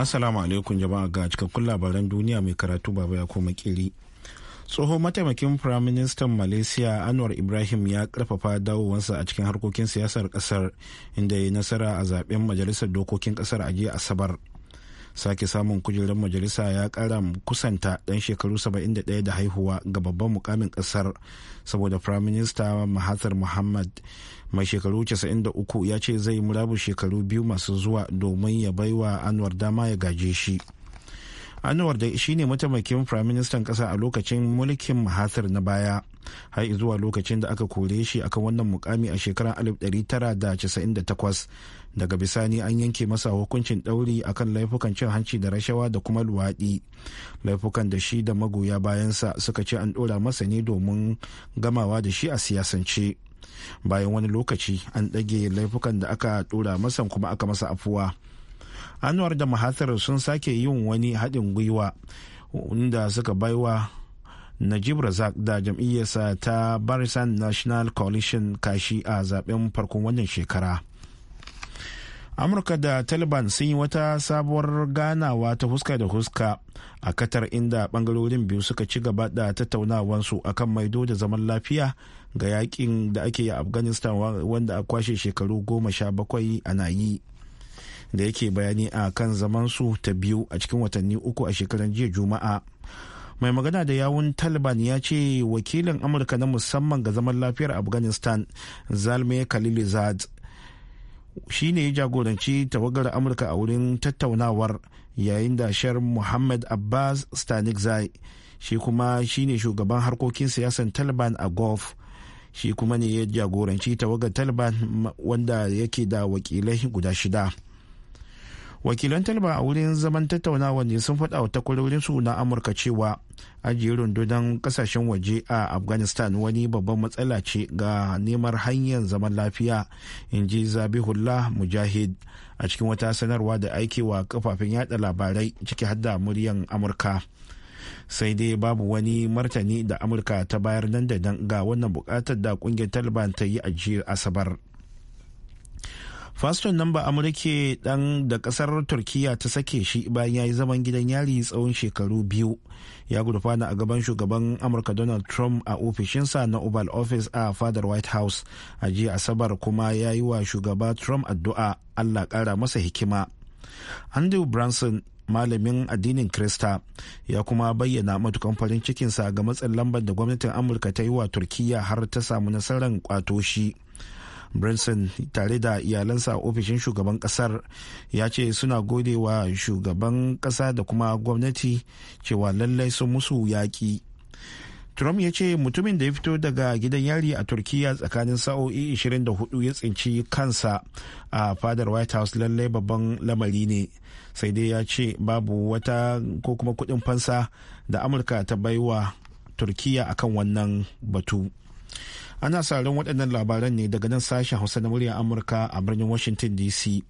Assalamu alaikum jama'a ga cikakkun labaran duniya mai karatu baba ya koma kiri. tsoho mataimakin firaministan Malaysia Anwar Ibrahim ya karfafa dawowansa a cikin harkokin siyasar kasar inda ya nasara a zaben majalisar dokokin kasar a jiya Asabar. sake samun kujerar majalisa ya kara kusanta dan shekaru 71 da haihuwa ga babban mukamin kasar saboda prime minister mahathir muhammad mai shekaru 93 ya ce zai murabu shekaru biyu masu zuwa domin ya baiwa anwar dama ya gaje shi anwar da shine mataimakin prime minister kasa a lokacin mulkin mahathir na baya har zuwa lokacin da aka kore shi akan wannan mukami a shekarar 1998 daga bisani an yanke masa hukuncin ɗauri akan laifukan cin hanci da rashawa da kuma luwaɗi laifukan da shi da magoya bayansa suka ce an ɗora masa ne domin gamawa da shi a siyasance bayan wani lokaci an ɗage laifukan da aka ɗora masa kuma aka masa afuwa anwar da mahatar sun sake yin wani haɗin gwiwa inda suka baiwa najib razak da jam'iyyarsa ta barisan national coalition kashi a zaben farkon wannan shekara amurka da taliban sun yi wata sabuwar ganawa ta huska da huska a katar inda bangarorin biyu suka ci gaba da tattaunawansu akan maido da zaman lafiya ga yakin da ake yi a afghanistan wanda a kwashe shekaru goma sha bakwai ana yi da yake bayani a kan zamansu ta biyu a cikin watanni uku a shekaran jiya juma'a mai magana da yawun taliban ya ce wakilin amurka na musamman ga zaman lafiyar afghanistan zalme khalilizad shi ne ya jagoranci tawagar amurka a wurin tattaunawar yayin da shar muhammad abbas zai shi kuma shi ne shugaban harkokin siyasan taliban a gulf shi kuma ne ya jagoranci tawagar taliban wanda yake da wakilai guda shida. wakilan talba a wurin zaman tattaunawa ne sun faɗa wa takwarorin su na amurka cewa ajiye rundunar kasashen waje a afghanistan wani babban matsala ce ga neman hanyar zaman lafiya in ji zabihullah mujahid a cikin wata sanarwa da aikewa kafafen yada labarai ciki hadda muryan amurka sai dai babu wani martani da amurka ta bayar nan da nan ga wannan bukatar da kungiyar taliban ta yi a asabar. faston nan ba amurke dan da kasar turkiya ta sake shi bayan ya yi zaman gidan yari tsawon shekaru biyu ya gurfana a gaban shugaban amurka donald trump a ofishinsa na oval office a fadar white house a jiya asabar kuma ya yi wa shugaba trump addu'a allah kara masa hikima andrew branson malamin addinin krista ya kuma bayyana matukan farin cikinsa ga matsin lambar da gwamnatin amurka ta yi wa turkiya har ta samu nasarar kwato shi branson tare da iyalansa a ofishin shugaban kasar ya ce suna gode wa shugaban kasa da kuma gwamnati cewa lallai sun musu yaƙi trump ya ce mutumin da ya fito daga gidan yari a turkiya tsakanin sa'o'i 24 ya tsinci kansa a fadar white house lallai babban lamari ne sai dai ya ce babu wata ko kuma kudin fansa da amurka ta baiwa turkiya akan wannan batu ana sauraron waɗannan labaran ne daga nan sashen hausa na muryar amurka a birnin washington dc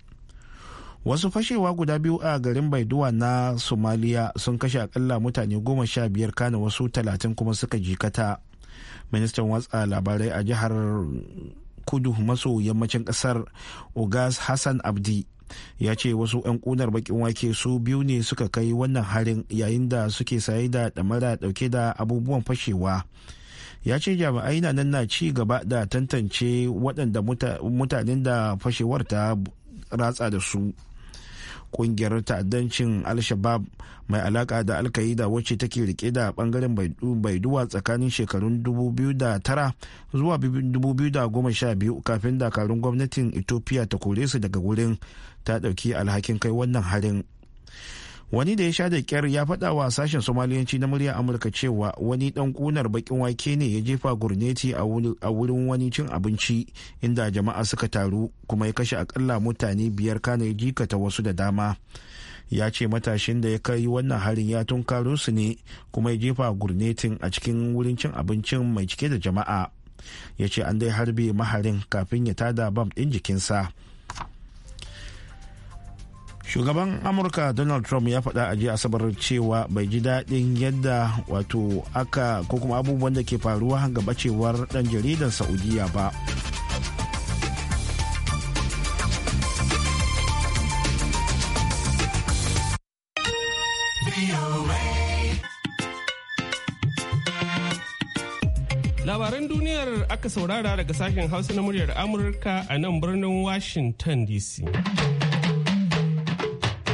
wasu fashewa guda biyu a garin baiduwa na somaliya sun kashe akalla mutane goma sha biyar kana wasu talatin kuma suka jikata ministan watsa labarai a jihar kudu maso yammacin kasar ogas hassan abdi ya ce wasu 'yan kunar bakin wake su biyu ne suka kai wannan harin yayin da suke saye da damara dauke da abubuwan fashewa ya ce jami'ai na nan na ci gaba da tantance waɗanda mutanen da fashewar ta ratsa da su ƙungiyar ta'addancin al-shabab mai alaka da alkaida wacce take rike da bangaren baiduwa tsakanin shekarun 2009 zuwa 2012 kafin dakarun gwamnatin ethiopia ta kore su daga wurin ta ɗauki alhakin kai wannan harin wani da ya sha da kyar ya faɗa wa sashen somaliyanci na murya amurka cewa wani ɗan kunar bakin wake ne ya jefa gurneti a wurin wani cin abinci inda jama'a suka taru kuma ya kashe akalla mutane biyar kana ya jikata wasu da dama ya ce matashin da ya kai wannan harin ya tunkaro su ne kuma ya jefa gurnetin a cikin wurin cin abincin mai cike da jama'a ya ce an dai harbe maharin kafin ya tada bam din jikinsa shugaban amurka donald trump ya faɗa a jiya asabar cewa bai ji daɗin yadda wato aka ko kuma abubuwan da ke faruwa ga bacewar ɗan jaridan saudiya ba labaran duniyar aka saurara daga sashen hausa na muryar amurka a nan birnin washington dc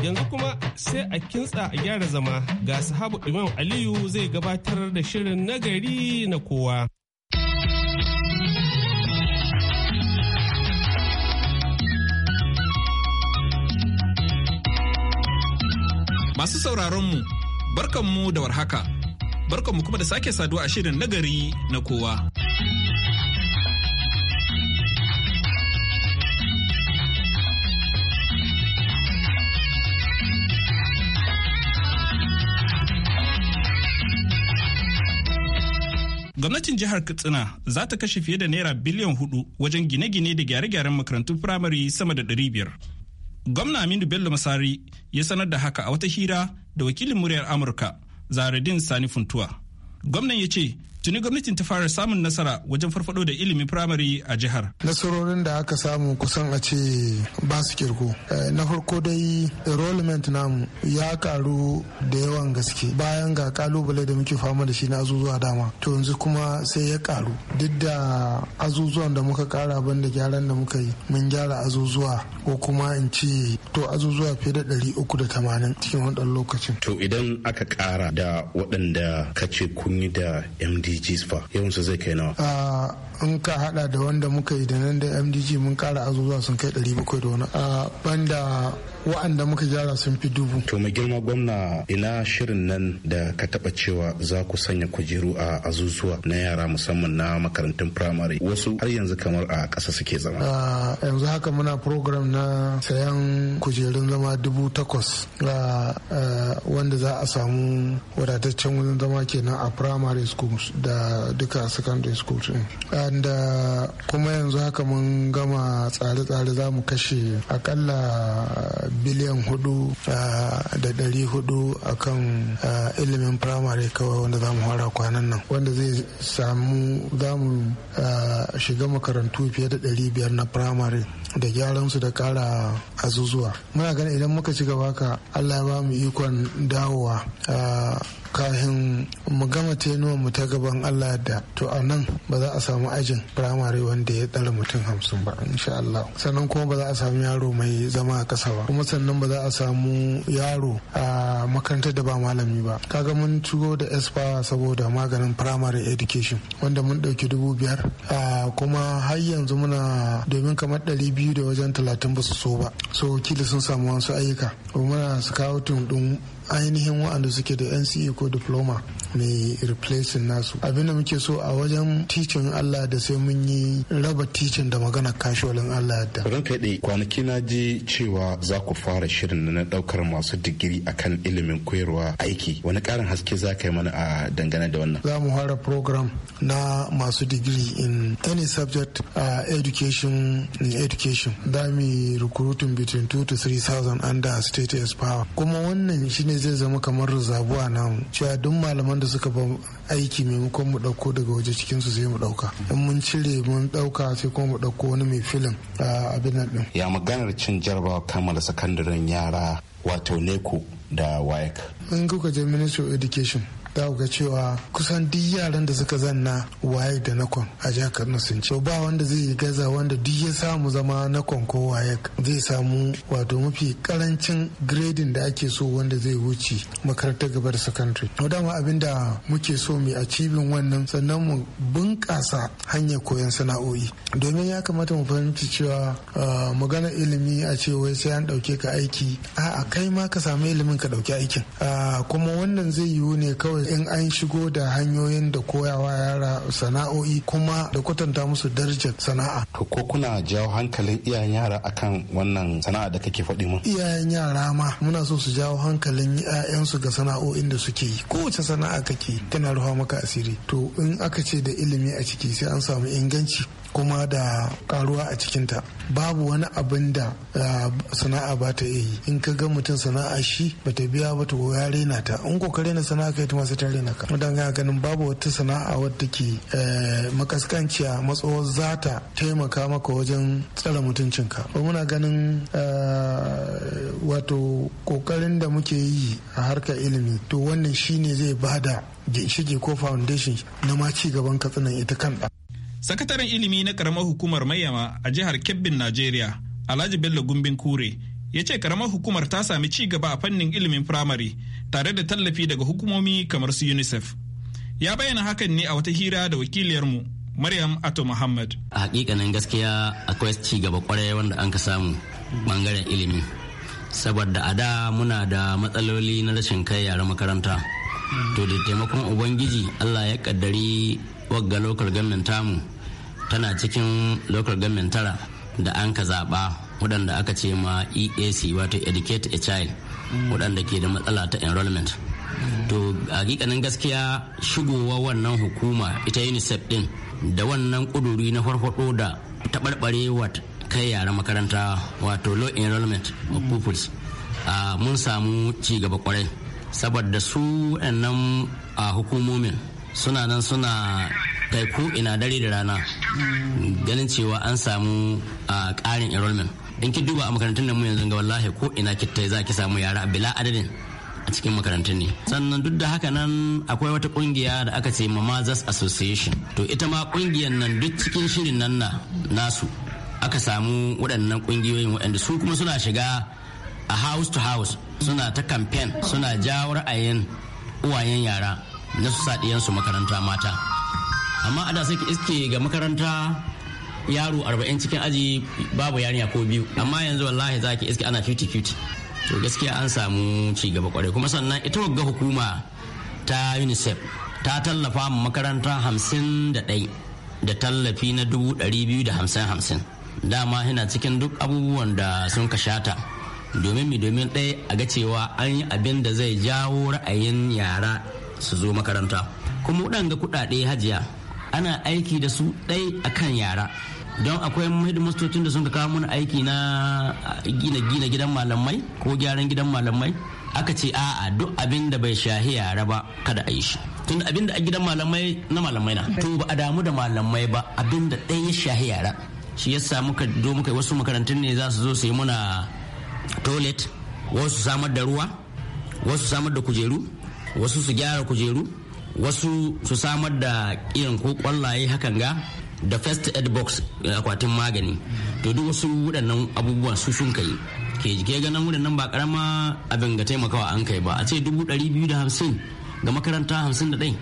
yanzu kuma sai a kintsa a gyara zama ga sahabu imam aliyu zai gabatar da shirin nagari na kowa masu sauraronmu barkanmu da warhaka barkanmu kuma da sake saduwa a shirin nagari na kowa Gwamnatin jihar Katsina za ta kashe fiye da naira biliyan hudu wajen gine-gine da gyare-gyaren makarantun firamare sama da ɗari biyar. Gwamna Aminu Bello Masari ya sanar da haka a wata hira da wakilin muryar Amurka Zaradin Sani Funtuwa. Gwamnan ya ce tuni gwamnatin ta fara samun nasara wajen farfado da ilimin firamare a jihar nasarorin da aka samu kusan a ce ba su kirko eh, na farko dai enrollment namu ya karu da yawan gaske bayan ga kalubale da muke fama da shi na azuzuwa dama to yanzu kuma sai ya karu duk da azuzuwan da muka kara ban da gyaran da muka yi mun gyara azuzuwa ko kuma in ce to azuzuwa fiye da ɗari uku da tamanin cikin wadannan lokacin to idan aka kara da waɗanda kace kun yi da md mdgs fa yawansu zai kai nawa in ka hada da wanda muka yi da nan da mdg mun kara azuzuwa sun kai 700 da wani a banda wa'anda muka gyara sun fi dubu. To mai girma gwamna ina shirin nan da ka taɓa cewa za ku sanya kujeru a azuzuwa na yara musamman na makarantun firamare wasu har yanzu kamar a ƙasa suke zama. yanzu haka muna program na sayan kujerun zama dubu takwas ga wanda za a samu wadataccen wurin zama kenan a primary schools da duka secondary schools and uh, kuma yanzu haka mun gama tsare-tsare za mu kashe akalla biliyan hudu ah, da dari hudu a kan ah, ilimin firamare kawai wanda za mu fara kwanan nan wanda zai samu za mu ah, shiga makarantu fiye da dari biyar na firamare da gyaran su da kara azuzuwa muna ganin idan muka ci gaba ka allah ya ba mu ikon dawowa kafin mu gama tenuwa mu ta gaban Allah da to a nan ba za a samu ajin firamare wanda ya tsara mutum hamsin ba insha Allah sannan kuma ba za a samu yaro mai zama a kasa ba kuma sannan ba za a samu yaro a makarantar da ba malami ba kaga mun cigo da espa saboda maganin firamare education wanda mun ɗauki dubu biyar kuma har yanzu muna domin kamar ɗari biyu biyu da wajen talatin ba su so ba so kila sun samu wasu ayyuka muna su kawo ainihin waɗanda suke da nce ko diploma mai replacing nasu abinda muke so a wajen ticin Allah da sai mun yi raba ticin da magana kashiwalin Allah da ran dai kwanaki na ji cewa za ku fara shirin na daukar masu digiri akan ilimin koyarwa aiki wani karin haske za ka yi mana a dangane da wannan za mu fara program na masu digiri in any subject uh, education in education za mu recruiting between 2 to 3000 under state as power kuma wannan shine zai zama kamar zabuwa namu cewa duk malaman da wanda suka ba aiki maimakon mu ɗauko daga waje cikin su sai mu ɗauka in mun cire mun ɗauka sai kuma mu ɗauko wani mai filin a ah, abin nan ɗin. ya maganar cin jarabawa kammala sakandaren yara wato neko da waik in kuka je ministry of education za ku ga cewa kusan duk yaran da suka zanna waye da nakon a jihar Kano sun ce ba wanda zai gaza wanda duk ya samu zama nakon ko waye zai samu wato mafi karancin grading da ake so wanda zai wuce makarantar gaba da secondary. Dama abin da muke so mu cibin wannan sannan mu bunƙasa hanyar koyon sana'o'i domin ya kamata mu fahimci cewa ah, magana ilimi a ce wai sai an dauke ka aiki a kai ma ka samu ilimin ka ɗauki aikin ah, kuma wannan zai yiwu ne kawai in an shigo da hanyoyin da koyawa yara sana'o'i kuma da kwatanta musu darajar sana'a to ko kuna jawo hankalin iyayen yara akan wannan sana'a da kake faɗi mun iyayen yara ma muna so su jawo hankalin ƴaƴansu ga sana'o'in da suke yi kowace sana'a kake tana ruwa maka asiri to in aka ce da ilimi a ciki sai an samu inganci kuma da karuwa a cikinta babu wani abin da ah, sana'a ba ta yi in ka ga mutum sana'a shi ba ta biya ba ta ya rena ta in ko ka sana'a kai ta masu ta rena ka don ga ganin babu wata sana'a wadda ke eh, makaskanciya matsawar za ta taimaka maka wajen tsare mutuncinka ba muna ganin ah, wato kokarin da muke yi a harkar ilimi to wannan shine zai bada ginshige ko foundation na ma ci gaban katsinan ita kan sakataren ilimi na karamar hukumar mayama a jihar kebbin najeriya alhaji bello gumbin kure ya ce karamar hukumar ta sami ci gaba a fannin ilimin firamare tare da tallafi daga hukumomi kamar su unicef ya bayyana hakan ne a wata hira da wakiliyar mu maryam ato muhammad a hakikanin gaskiya akwai ci gaba kwarai wanda an ka samu bangaren ilimi saboda a da muna da matsaloli na rashin kai yaren makaranta to da taimakon ubangiji allah ya kaddari wagga lokal gamin tamu tana cikin local government tara da an ka zaɓa waɗanda aka ce ma eac wato educate a child waɗanda ke da matsala ta enrollment to hakikanin gaskiya shigowa wannan hukuma ita unicef din da wannan kuduri na farfaɗo da wat kai yara makaranta wato low enrollment of pupils mun samu cigaba kwarai saboda su nan a hukumomin suna nan suna kai ko ina dare da rana ganin cewa an samu a karin enrollment in ki duba a makarantun mu yanzu ga wallahi ko ina kittai za ki samu yara bila adadin a cikin makarantun ne sannan duk da haka nan akwai wata kungiya da aka ce mamazas association to ita ma kungiyar nan duk cikin shirin nan na nasu aka samu waɗannan kungiyoyin waɗanda su kuma suna shiga a house to house suna ta campaign suna jawo ra'ayin uwayen yara na su sa makaranta mata amma ada sai iske ga makaranta yaro arba'in cikin aji babu yarinya ko biyu amma yanzu wallahi za ki iske ana 50-50 to gaskiya an samu ci gaba kwarai kuma sannan ita wagga hukuma ta unicef ta tallafa ma makaranta hamsin da tallafi na dubu ɗari dama yana cikin duk abubuwan da sun kashata shata domin mi domin ɗaya a ga cewa an yi abin da zai jawo ra'ayin yara su zo makaranta kuma waɗanda kuɗaɗe hajiya ana aiki da su ɗai kan yara don akwai hidimistocin da sun kawo mana aiki na gina gina gidan malamai ko gyaran gidan malamai aka ce a'a duk abin da bai shahi yara ba kada a yi shi tun abin da a gidan malamai na malamai na to ba a damu da malamai ba abin da ɗaya ya shahi yara shi yasa muka do muka wasu makarantun ne za su zo su yi muna toilet wasu samar da ruwa wasu samar da kujeru wasu su gyara kujeru wasu su samar da irin ko kwallaye hakan ga da first aid box eh, akwatin magani to duk wasu waɗannan abubuwan su sun kai ke jike ganin waɗannan ba karama abin ga taimakawa an kai ba a ce dubu ɗari biyu da hamsin ga makaranta hamsin da ɗai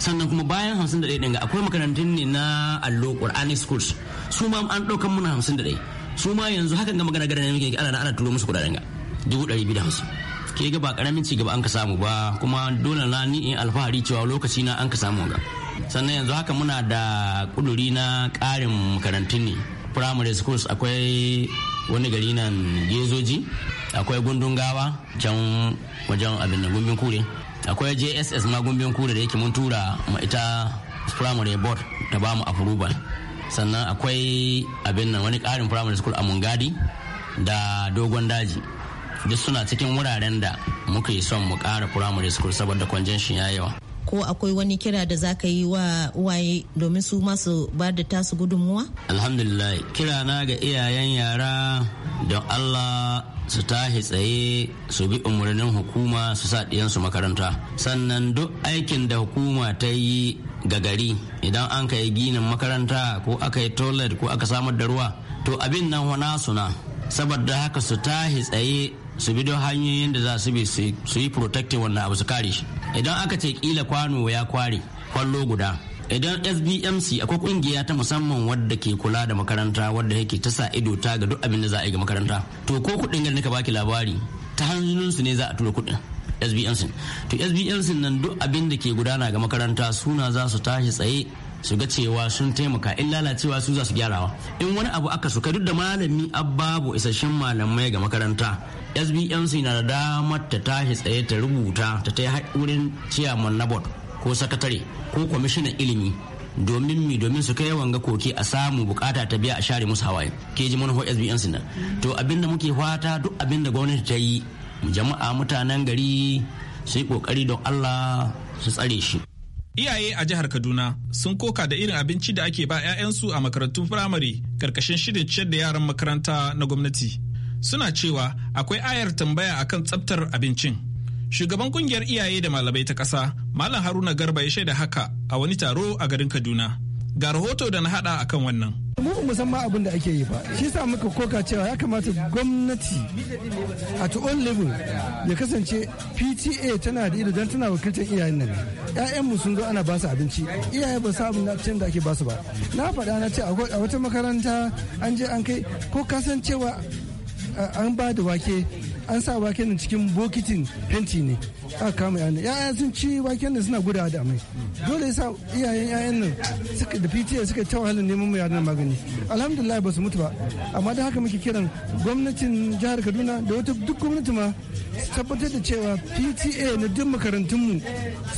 sannan kuma bayan hamsin da ɗai ɗin akwai makarantun ne na allo qur'ani schools su ma an ɗaukan muna hamsin da ɗai su ma yanzu hakan ga magana gara ne muke ana ana turo musu kuɗaɗen ga dubu ɗari biyu da hamsin ke ga ba karamin ci gaba an ka samu ba kuma dole na ni in alfahari cewa lokaci na an ka samu ga sannan yanzu haka muna da kuduri na karin makarantun ne primary schools akwai wani gari nan gezoji akwai gundun gawa can wajen abin da gumbin kure akwai jss ma gumbin kure da yake mun tura ma ita primary board ta ba mu approval sannan akwai abin nan wani karin primary school a mungadi da dogon daji duk suna cikin wuraren da muka yi son mu kara primary school saboda shi ya yawa ko akwai wani kira da za ka yi wa uwaye domin su masu ba da tasu gudunmuwa? alhamdulillah kira na ga iyayen yara don allah su tashi tsaye su bi umarnin hukuma su sa ɗiyansu makaranta sannan duk aikin da hukuma ta yi ga gari idan an ka yi ginin makaranta ko aka yi toilet ko aka samar da ruwa to abin nan wana suna saboda haka su tashi tsaye su bi don hanyoyin da za su bi su yi protecting wannan abu su kare shi idan aka ce kila kwano ya kware kwallo guda idan sbmc akwai kungiya ta musamman wadda ke kula da makaranta wadda yake ta sa ido ta ga duk abin da za a yi ga makaranta to ko kudin gani ka baki labari ta su ne za a tura kudin sbmc to sbmc nan duk abin da ke gudana ga makaranta suna za su tashi tsaye su ga cewa sun taimaka in lalacewa su za su gyarawa in wani abu aka suka duk da malami babu isasshen malamai ga makaranta sbmc na da damar ta tashi tsaye ta rubuta ta ta wurin ciyaman na board ko sakatare ko kwamishinan ilimi domin mi domin su kai wanga koki a samu bukata ta biya a share musu hawaye ke ji manufar sbmc na to abinda muke fata duk abinda gwamnati ta yi jama'a mutanen gari su yi kokari don allah su tsare shi Iyaye a jihar Kaduna sun koka da irin abinci da ake ba 'ya'yansu a makarantun firamare karkashin shirin ciyar da yaran makaranta na gwamnati. Suna cewa akwai ayar tambaya akan tsaftar abincin. Shugaban kungiyar iyaye da malamai ta ƙasa, Malam Haruna Garba ya shaida haka a wani taro a garin Kaduna. Ga rahoto da na hada akan wannan. musan musamman abin da ake yi ba shi sa muka koka cewa ya kamata gwamnati at all level ya kasance pta tana da ido don tana wakiltar iyayen nan ƴaƴan mu sun zo ana basu abinci iyaye ba su abin can da ake basu ba na faɗa na ce a wata makaranta an je an kai ko kasancewa an ba da wake an sa waken nan cikin bokitin fenti ne a kama yana ya'ya sun ci waken nan suna gudawa da mai dole ya sa iyayen ya'yan nan suka da PTA suka ta wahalar neman mu yaran magani alhamdulillah ba su mutu ba amma da haka muke kiran gwamnatin jihar Kaduna da wata duk gwamnati ma tabbatar da cewa PTA na duk makarantunmu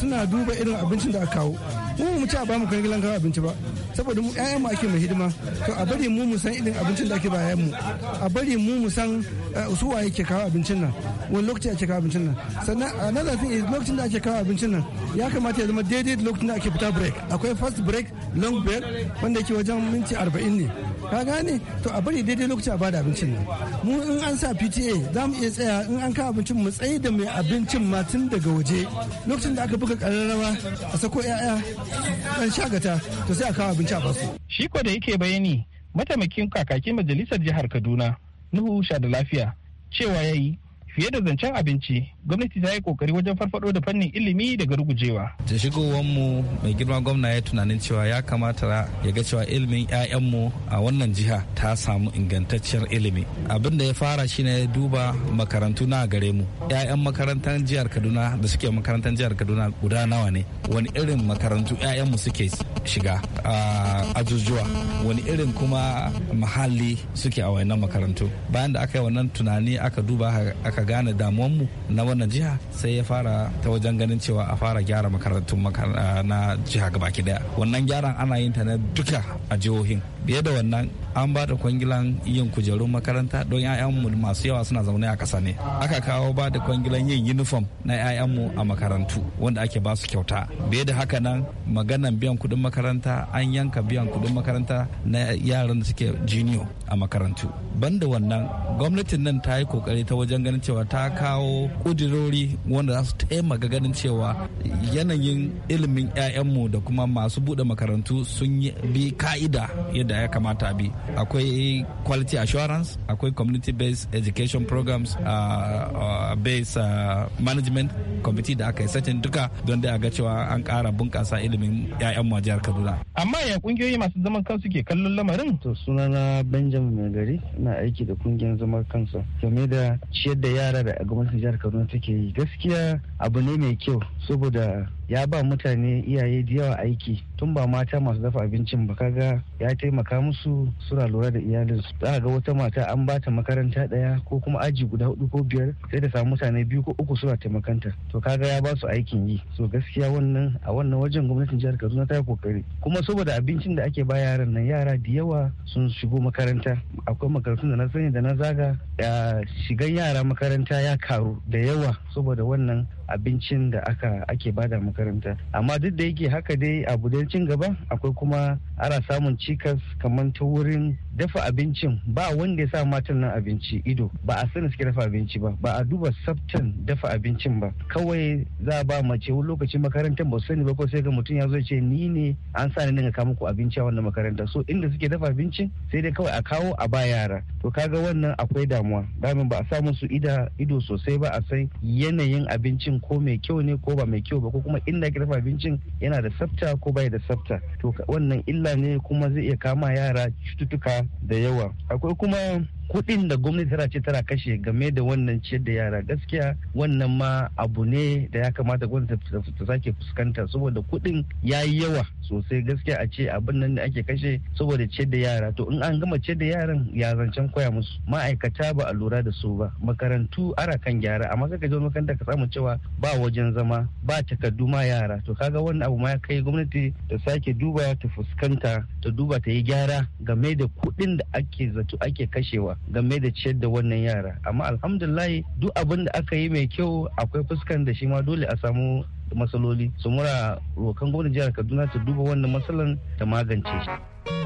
suna duba irin abincin da aka kawo mu mu ci a ba mu kan kawo abinci ba saboda mu yayan mu ake mai hidima to a bari mu mu san irin abincin da ake ba yayan mu a bari mu mu san eh, su waye ke kawo abincin nan wani lokacin ake kawo abincin nan sannan another thing lokacin da ake kawo abincin nan ya kamata ya zama daidai lokacin da ake fita break akwai first break long break wanda ke wajen minti arba'in ne ka gane to a bari daidai lokacin a bada abincin nan mu in an sa PTA za mu iya tsaya in an kawo abincin mu tsaye da mai abincin ma tun daga waje lokacin da aka buga kararrawa a sako 'ya'ya dan shagata to sai a kawo abinci a basu shi ko da yake bayani mataimakin kakakin majalisar jihar Kaduna Nuhu Sha da lafiya cewa ya yi fiye da zancen abinci gwamnati ta yi kokari wajen farfado da fannin ilimi daga rugujewa. Da shigowanmu mai girma gwamna ya tunanin cewa ya kamata ya ga cewa ilimin 'ya'yanmu a wannan jiha ta samu ingantacciyar ilimi. Abin da ya fara shine duba makarantu na gare mu. 'Ya'yan makarantar jihar Kaduna da suke makarantar jihar Kaduna guda nawa ne? Wani irin makarantu 'ya'yanmu suke shiga a ajujuwa? Wani irin kuma mahalli suke a wannan makarantu? Bayan da aka yi wannan tunani aka duba aka gane damuwanmu na wannan jiha sai ya fara ta wajen ganin cewa a fara gyara makarantun ah, na jiha gabaki daya wannan gyaran ana yin ta na duka a jihohin biye da wannan an ba da kwangilan yin kujerun makaranta don 'ya'yanmu masu yawa suna zaune a ƙasa ne aka kawo ba da kwangilan yin uniform na 'ya'yanmu a makarantu wanda ake ba su kyauta biye da haka nan maganan biyan kudin makaranta an yanka biyan kudin makaranta na yaran da suke jiniyo a makarantu banda wannan gwamnatin nan ta yi kokari ta wajen ganin cewa ta kawo kudirori wanda za su taimaka ganin cewa yanayin ilimin 'ya'yanmu da kuma masu buɗe makarantu sun bi ka'ida yadda ya kamata bi akwai quality assurance akwai community based education programs uh, uh based uh, management committee da aka yi satin duka don dai a ga cewa an kara bunkasa ilimin 'ya'yan mu a jihar kaduna amma ya kungiyoyi masu zaman kansu ke kallon lamarin to na benjamin mai gari aiki da kungiyar zaman kansu game da ciyar da yara da gwamnatin jihar kaduna take yi gaskiya abu ne mai kyau saboda ya ba mutane iyaye da yawa aiki tun ba mata masu dafa abincin ba kaga ya taimaka musu suna lura da iyalinsu za ga wata mata an ba ta makaranta daya ko kuma aji guda hudu ko biyar sai da samu mutane biyu ko uku suna taimakanta to kaga ya ba su aikin yi so gaskiya wannan a wannan wajen gwamnatin jihar kaduna ta yi kokari kuma saboda abincin da ake ba yaran nan yara da yawa sun shigo makaranta akwai makarantun da na sani da na zaga shigan yara makaranta ya karu da yawa saboda wannan abincin da aka ake bada makaranta amma duk da yake haka dai a budancin gaba akwai kuma ana samun cikas kamar ta wurin dafa abincin ba wanda ya sa matan nan abinci ido ba a sani suke dafa abinci ba ba a duba tsaftan dafa abincin ba kawai za a ba mace wani lokacin makarantar ba sani ba ko sai ga mutum ya zo ce ni ne an sa ni ga kama muku abinci a wannan makaranta so inda suke dafa abincin sai dai kawai a kawo a ba yara to kaga wannan akwai damuwa damin ba a samu su ido sosai ba a san yanayin abincin abincin ko mai kyau ne ko ba mai kyau ba ko kuma inda ake dafa abincin yana da tsafta ko bai da tsafta to wannan illa ne kuma zai iya kama yara cututtuka da yawa akwai kuma kuɗin da gwamnati tana ce tana kashe game da wannan ciyar da yara gaskiya wannan ma abu ne da ya kamata gwamnati ta sake fuskanta saboda kuɗin ya yi yawa sosai gaskiya a ce abin nan da ake kashe saboda ciyar da yara to in an gama ciyar da yaran ya zancen koya musu ma'aikata ba a lura da su ba makarantu ara kan gyara amma kaka je makaranta ka samu cewa ba wajen zama ba takardu ma yara to kaga wannan abu ma ya kai gwamnati ta sake duba ta fuskanta ta duba ta yi gyara game da kuɗin da ake zato ake kashewa game da ciyar da wannan yara amma alhamdulillahi duk abin da aka yi mai kyau akwai fuskan da shi ma dole a samu matsaloli su mura rokan gwamnatin jihar kaduna ta duba wannan matsalan ta magance shi.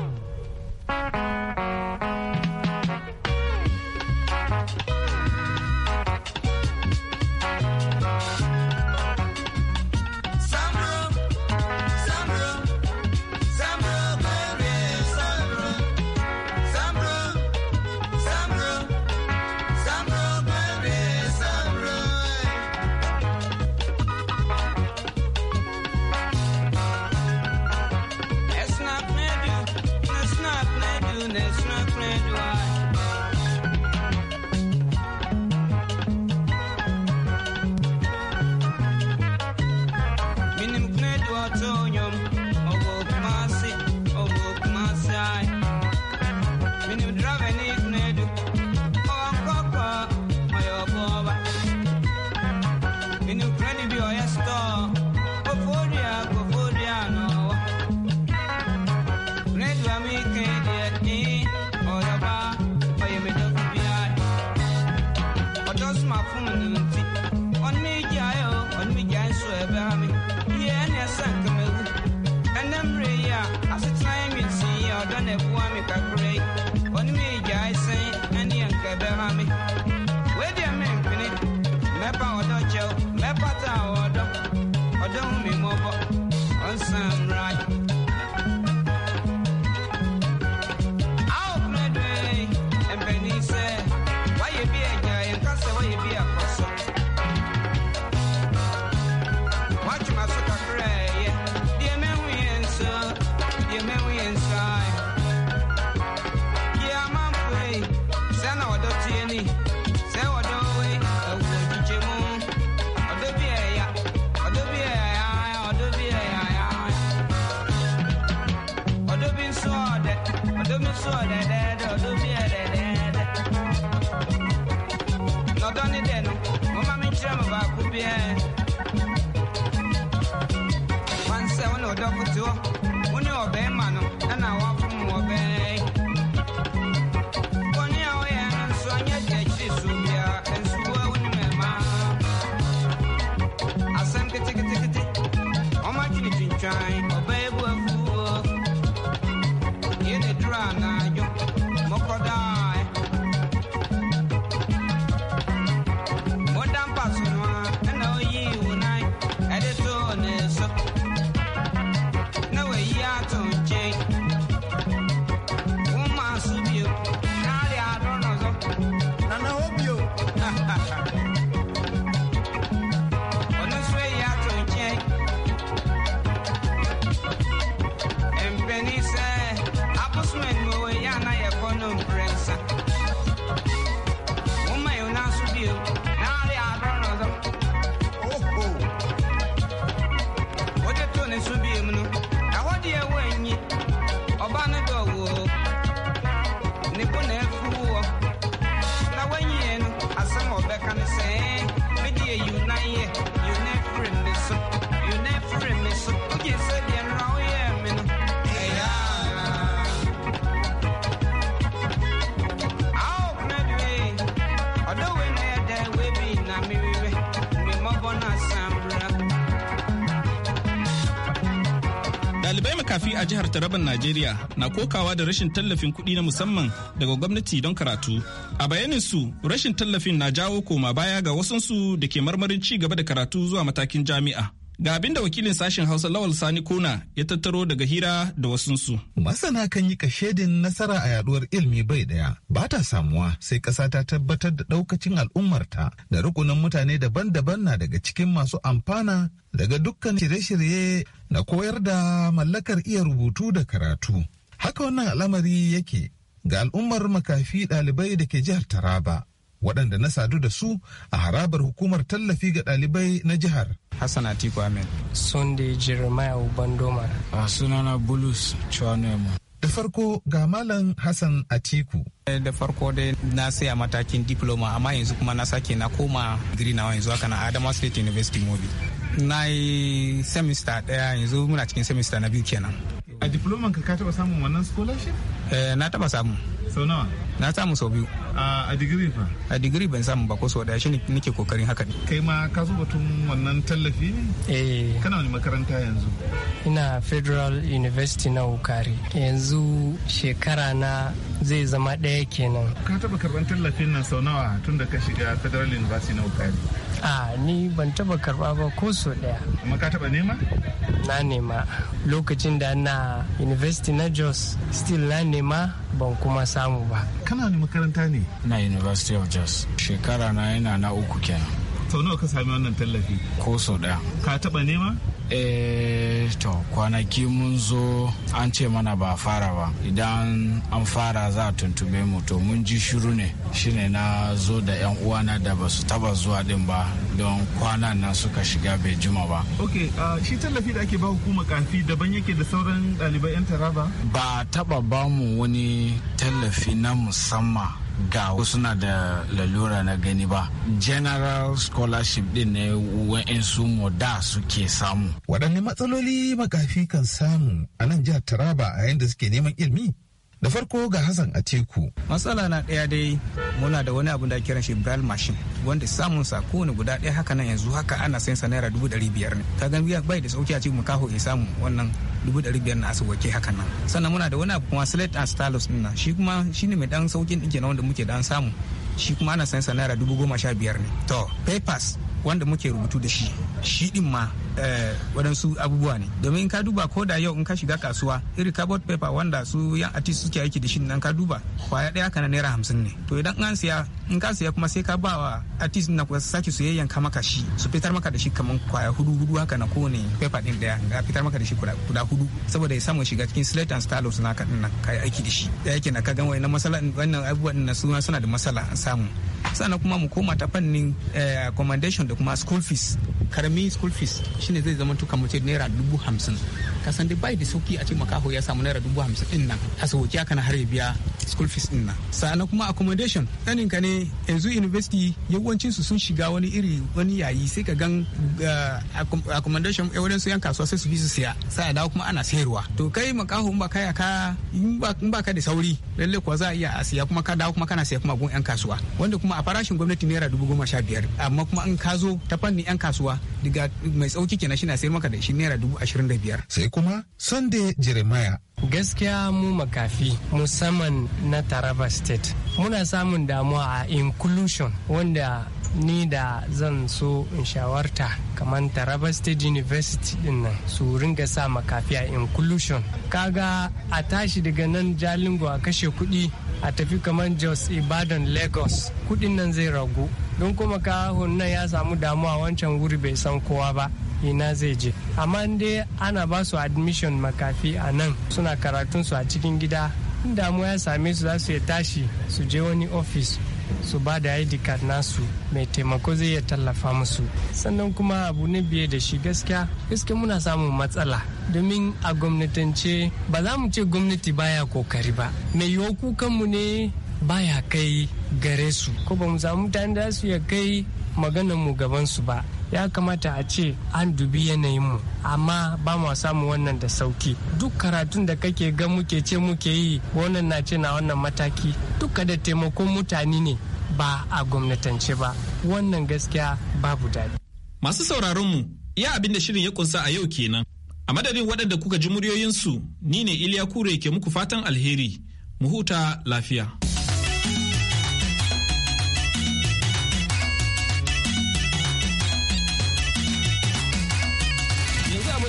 tafi a jihar Taraban Najeriya na kokawa da rashin tallafin kuɗi na musamman daga gwamnati don karatu. A bayanin su rashin tallafin na jawo koma baya ga wasansu da ke marmarin ci gaba da karatu zuwa matakin jami'a. Ga abin da wakilin sashen Hausa Lawal Sani Kona ya tattaro daga hira da wasunsu. Masana kan yi kashedin nasara a yaduwar ilmi bai daya. Ba ta samuwa sai ƙasa ta tabbatar da ɗaukacin al'ummarta da rukunin mutane daban-daban na daga cikin masu amfana daga dukkan shirye-shirye na koyar da mallakar iya rubutu da karatu. Haka wannan al'amari yake ga al'ummar makafi ɗalibai da ke jihar Taraba. waɗanda na sadu da su a harabar hukumar tallafi ga ɗalibai na jihar. Hassan Atiku Amin. Sunde Jeremiah Ubandoma. A ah, sunana Bulus Chuanemu. Da farko ga Malam Hassan Atiku. Eh, da farko dai na saya matakin diploma amma yanzu kuma na sake na koma digiri na yanzu haka na Adama State University Mobi. Na yi semester ɗaya yanzu muna cikin semester na biyu kenan. A diploma ka taɓa samun wannan scholarship? Eh, na taɓa samun. sau nawa na samu sau biyu a digiri fa a digiri ban samu ba ko sau daya shi nake kokarin haka ne kai ma ka zo batun wannan tallafi ne eh kana wani makaranta yanzu ina federal university na wukari yanzu shekara na zai zama ɗaya kenan ka taɓa karɓar tallafin nan sau nawa tun da ka shiga federal university na wukari a ni ban taba karba ba ko so daya amma ka taba nema na nema lokacin da na university na jos still na nema ban kuma samu ba kana ne makaranta ne na university of jos shekara na yana na uku kenan sau nawa ka sami wannan tallafi ko so daya ka taba nema eh to kwanaki mun zo an ce mana ba fara ba idan an fara za a tuntube mu to mun ji shiru ne shine na zo da yan uwana da ba su taba zuwa din ba don kwanan nan suka shiga bai jima ba ok shi tallafi da ake ba hukumar kafi daban yake da sauran ɗalibai yan taraba ba taba ba mu wani tallafi na musamman ga suna da lalura na gani ba general scholarship din ne wa'insu su da suke samu waɗanne matsaloli makafi kan samu a nan jihar taraba a yayin da suke neman ilimi da farko ga hassan a teku matsala na ɗaya dai muna da wani abin da kiran shi braille machine wanda samun sa kowane guda daya haka nan yanzu haka ana sayan sa naira dubu dari biyar ne ka gan biya bai da sauki a cikin kaho ya samu wannan dubu dari biyar na asibiti haka nan sannan muna da wani abu kuma slate and stylus din nan shi kuma shi ne mai dan saukin ɗin na wanda muke ɗan samu shi kuma ana sayan sa naira dubu goma sha biyar ne to papers wanda muke rubutu da shi shi din ma eh, waɗansu abubuwa ne domin ka duba ko da yau in ka shiga kasuwa iri cardboard paper wanda su yan artist suke aiki da shi nan ka duba kwaya ɗaya kana naira hamsin ne to idan an siya in ka siya kuma sai ka ba wa artist na kuwa sake su ka maka shi su fitar maka da shi kamar kwaya hudu hudu haka na kowane paper din ɗaya ga fitar maka da shi guda hudu saboda ya samu shiga cikin slate and stylus ka din nan ka yi aiki da shi da yake na ka gan wannan masala wannan abubuwan na suna da masala samu sannan kuma mu koma ta fannin eh, accommodation da kuma school fees karamin school fees shine zai zama tuka mace naira dubu hamsin kasan dai bai da sauki a ce makaho ya samu naira dubu hamsin din nan a sauki aka na har ya biya school fees din nan sa'ana kuma accommodation sanin ka ne yanzu university yawancin su sun shiga wani iri wani yayi sai ka gan eh, accommodation eh, wurin su yan kasuwa sai su bi su siya sai a kuma ana sayarwa to kai makaho in ba ka yaka in ba ka da sauri lalle kuwa za a iya a siya kuma ka dawo kuma kana siya kuma gun yan kasuwa wanda kuma a farashin gwamnati naira dubu goma sha biyar amma kuma in ka zo ta fannin 'yan kasuwa daga mai tsauki kenan shi na sayar maka da shi naira dubu ashirin da biyar. Sai kuma Sunday Jeremiah. Gaskiya mu makafi musamman na Taraba State muna samun damuwa a inclusion wanda ni da zan so in shawarta kamar taraba state university din su ringa sa makafi a inclusion kaga a tashi daga nan jalingo a kashe kudi. a tafi kamar jos ibadan lagos kudin nan zai ragu don kuma ka nan ya samu damuwa wancan wuri bai san kowa ba ina zai je amma dai ana ba su admission makafi a nan suna karatunsu a cikin gida damuwa ya same su za su ya tashi su je wani ofis su ba da id card nasu mai taimako zai iya tallafa musu sannan kuma abu na biye da shi gaskiya gaskiya muna samun matsala domin a gwamnatance ba za mu ce gwamnati baya kokari ba mai yiwuwa kukanmu ne baya kai gare su ko ba mu samu mutane da su ya kai maganar mu gaban su ba ya kamata a ce an dubi yanayinmu amma ba mu samu wannan da sauki duk karatun da kake ga muke ce muke yi wannan na ce na wannan mataki duka da taimakon mutane ne ba a gwamnatance ba wannan gaskiya babu daɗi. masu sauraron sauraronmu iya abin da shirin ya kunsa a yau kenan a madadin waɗanda kuka ji muryoyinsu ni ne iliya kure ke muku fatan alheri mu huta lafiya.